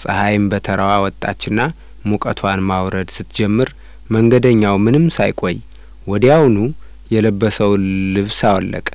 ፀሐይም በተራዋ ወጣችና ሙቀቷን ማውረድ ስትጀምር መንገደኛው ምንም ሳይቆይ ወዲያውኑ የለበሰውን ልብስ አወለቀ